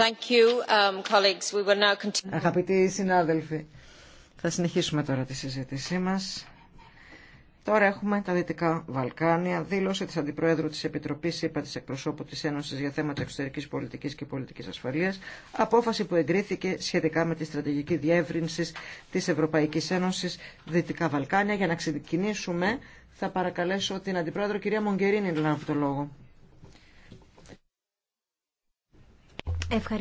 Um, Αγαπητοί συνάδελφοι, θα συνεχίσουμε τώρα τη συζήτησή μας. Τώρα έχουμε τα Δυτικά Βαλκάνια, Δήλωσε της Αντιπρόεδρου της Επιτροπής ΥΠΑ της Εκπροσώπου της Ένωσης για θέματα εξωτερικής πολιτικής και πολιτικής ασφαλείας, απόφαση που εγκρίθηκε σχετικά με τη στρατηγική διεύρυνση της Ευρωπαϊκής Ένωσης Δυτικά Βαλκάνια. Για να ξεκινήσουμε θα παρακαλέσω την Αντιπρόεδρο κυρία Μογκερίνη να λάβει το λόγο. Ευχαριστώ.